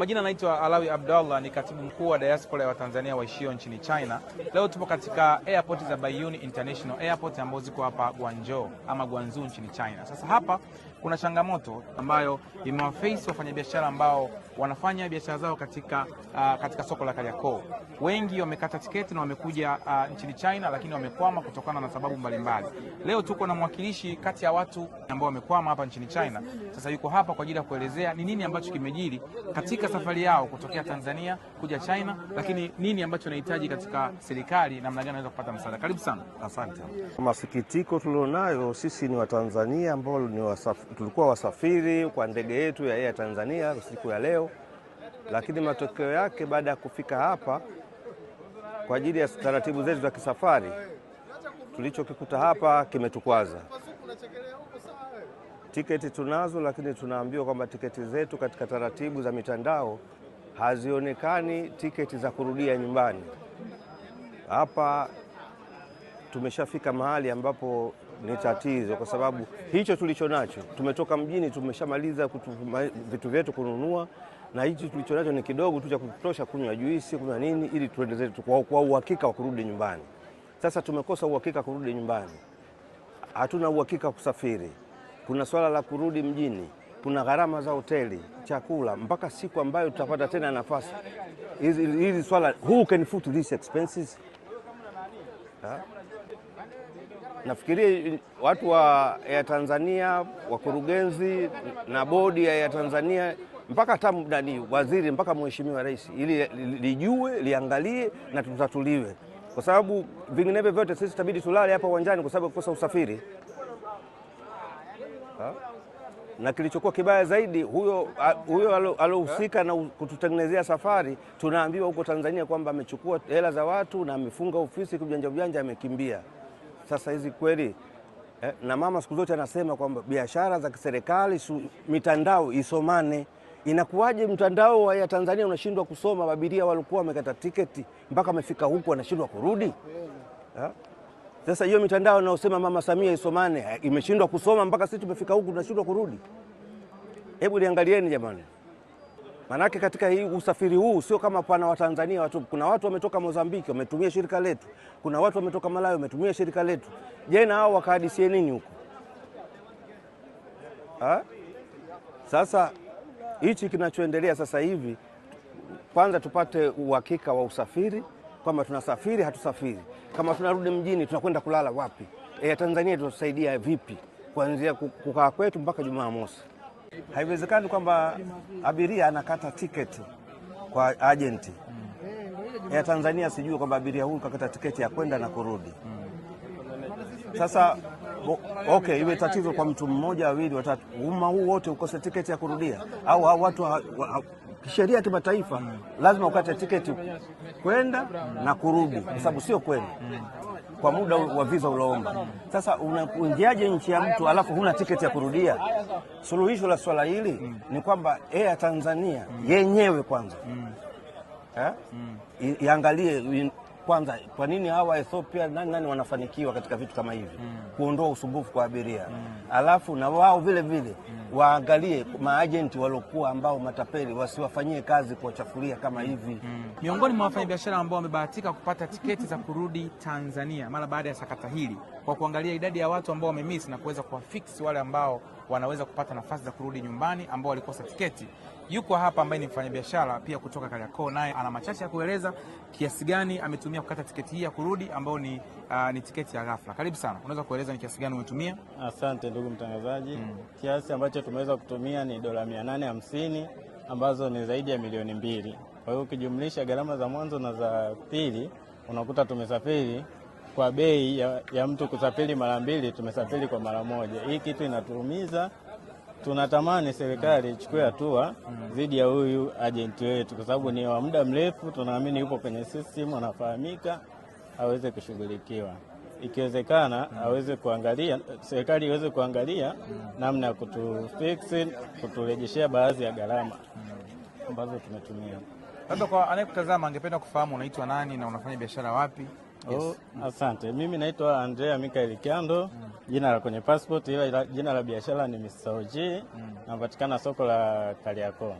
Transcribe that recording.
majina naitwa Alawi Abdallah, ni katibu mkuu wa diaspora ya Watanzania waishio nchini China. Leo tupo katika airport za Baiyuni International Airport ambazo ziko hapa Guangzhou ama Guangzhou nchini China. Sasa hapa kuna changamoto ambayo imewaface wafanyabiashara ambao wanafanya biashara zao katika, uh, katika soko la Kariakoo. Wengi wamekata tiketi na wamekuja uh, nchini China, lakini wamekwama kutokana na sababu mbalimbali. Leo tuko na mwakilishi kati ya watu ambao wamekwama hapa nchini China. Sasa yuko hapa kwa ajili ya kuelezea ni nini ambacho kimejiri katika safari yao kutokea Tanzania kuja China, lakini nini ambacho wanahitaji katika serikali, namna gani unaweza kupata msaada? Karibu sana. Asante. Masikitiko tulionayo sisi ni Watanzania ambao wasaf, tulikuwa wasafiri kwa ndege yetu ya Air Tanzania siku ya leo, lakini matokeo yake baada ya kufika hapa kwa ajili ya taratibu zetu za kisafari tulichokikuta hapa kimetukwaza. Tiketi tunazo, lakini tunaambiwa kwamba tiketi zetu katika taratibu za mitandao hazionekani tiketi za kurudia nyumbani. Hapa tumeshafika mahali ambapo ni tatizo, kwa sababu hicho tulicho nacho, tumetoka mjini, tumeshamaliza vitu vyetu kununua, na hicho tulicho nacho ni kidogo tu cha kutosha kunywa juisi, kunywa nini, ili tuende kwa, kwa uhakika wa kurudi nyumbani. Sasa tumekosa uhakika kurudi nyumbani, hatuna uhakika kusafiri kuna swala la kurudi mjini, kuna gharama za hoteli, chakula, mpaka siku ambayo tutapata tena nafasi. Hili swala who can foot these expenses ha? Nafikiria watu wa ya Tanzania, wakurugenzi na bodi ya ya Tanzania mpaka hata nani waziri mpaka mheshimiwa rais, ili lijue liangalie na tutatuliwe, kwa sababu vinginevyo vyote sisi tabidi tulale hapa uwanjani, kwa sababu kukosa usafiri ha? na kilichokuwa kibaya zaidi huyo, huyo alohusika na kututengenezea safari, tunaambiwa huko Tanzania kwamba amechukua hela za watu na amefunga ofisi kujanja ujanja, amekimbia. Sasa hizi kweli eh, na mama siku zote anasema kwamba biashara za kiserikali mitandao isomane. Inakuwaje mtandao ya Tanzania unashindwa kusoma? Abiria walikuwa wamekata tiketi mpaka amefika huku anashindwa kurudi eh? Sasa hiyo mitandao naosema Mama Samia isomane eh, imeshindwa kusoma mpaka sisi tumefika huku tunashindwa kurudi. Hebu liangalieni jamani, manake katika hii usafiri huu sio kama pana Watanzania watu. Kuna watu wametoka Mozambiki wametumia shirika letu, kuna watu wametoka Malawi wametumia shirika letu. Je, na hao wakahadisie nini huko? Sasa hichi kinachoendelea sasa hivi, kwanza tupate uhakika wa usafiri kwamba tunasafiri hatusafiri, kama tunarudi mjini tunakwenda kulala wapi? E, Tanzania itatusaidia vipi kuanzia kukaa kwetu mpaka Jumamosi? Haiwezekani kwamba abiria anakata tiketi kwa ajenti hmm. ya e, Tanzania sijui kwamba abiria huyu kakata tiketi ya kwenda na kurudi hmm. Sasa okay, iwe tatizo kwa mtu mmoja, wawili, watatu, umma huu wote ukose tiketi ya kurudia au, au watu ha, ha, sheria ya kimataifa lazima ukate tiketi kwenda na kurudi, kwa sababu sio kweli kwa muda wa visa uloomba Sasa unaingiaje nchi ya mtu alafu huna tiketi ya kurudia? Suluhisho la swala hili ni kwamba Air Tanzania yenyewe kwanza eh, iangalie kwanza, kwa nini hawa Ethiopia nani nani wanafanikiwa katika vitu kama hivi mm. kuondoa usumbufu kwa abiria mm. alafu na wao vile vile mm. waangalie maajenti waliokuwa ambao matapeli wasiwafanyie kazi kuwachafulia kama mm. hivi mm. miongoni mwa wafanyabiashara ambao wamebahatika kupata tiketi za kurudi Tanzania mara baada ya sakata hili, kwa kuangalia idadi ya watu ambao wamemiss na kuweza kuwafiksi wale ambao wanaweza kupata nafasi za kurudi nyumbani ambao walikosa tiketi. Yuko hapa ambaye ni mfanyabiashara pia kutoka Kariakoo, naye ana machache ya kueleza kiasi gani ametumia kukata tiketi hii ya kurudi ambayo ni, uh, ni tiketi ya ghafla. Karibu sana, unaweza kueleza ni kiasi gani umetumia? Asante ndugu mtangazaji. Mm. Kiasi ambacho tumeweza kutumia ni dola 850 ambazo ni zaidi ya milioni mbili. Kwa hiyo ukijumlisha gharama za mwanzo na za pili unakuta tumesafiri kwa bei ya, ya mtu kusafiri mara mbili, tumesafiri kwa mara moja. Hii kitu inatuumiza. Tunatamani serikali ichukue hatua dhidi ya huyu ajenti wetu, kwa sababu ni wa muda mrefu, tunaamini yupo kwenye system, anafahamika, aweze kushughulikiwa ikiwezekana aweze kuangalia, serikali iweze kuangalia namna ya kutufiksi, kuturejeshea baadhi ya gharama ambazo tumetumia. Labda kwa anayekutazama angependa kufahamu unaitwa nani na unafanya biashara wapi? Oh, yes. Oh, asante. Mimi naitwa Andrea mikaeli Kyando mm. jina la kwenye passport ila jina la biashara ni Mr. OG mm. napatikana soko la Kariakoo.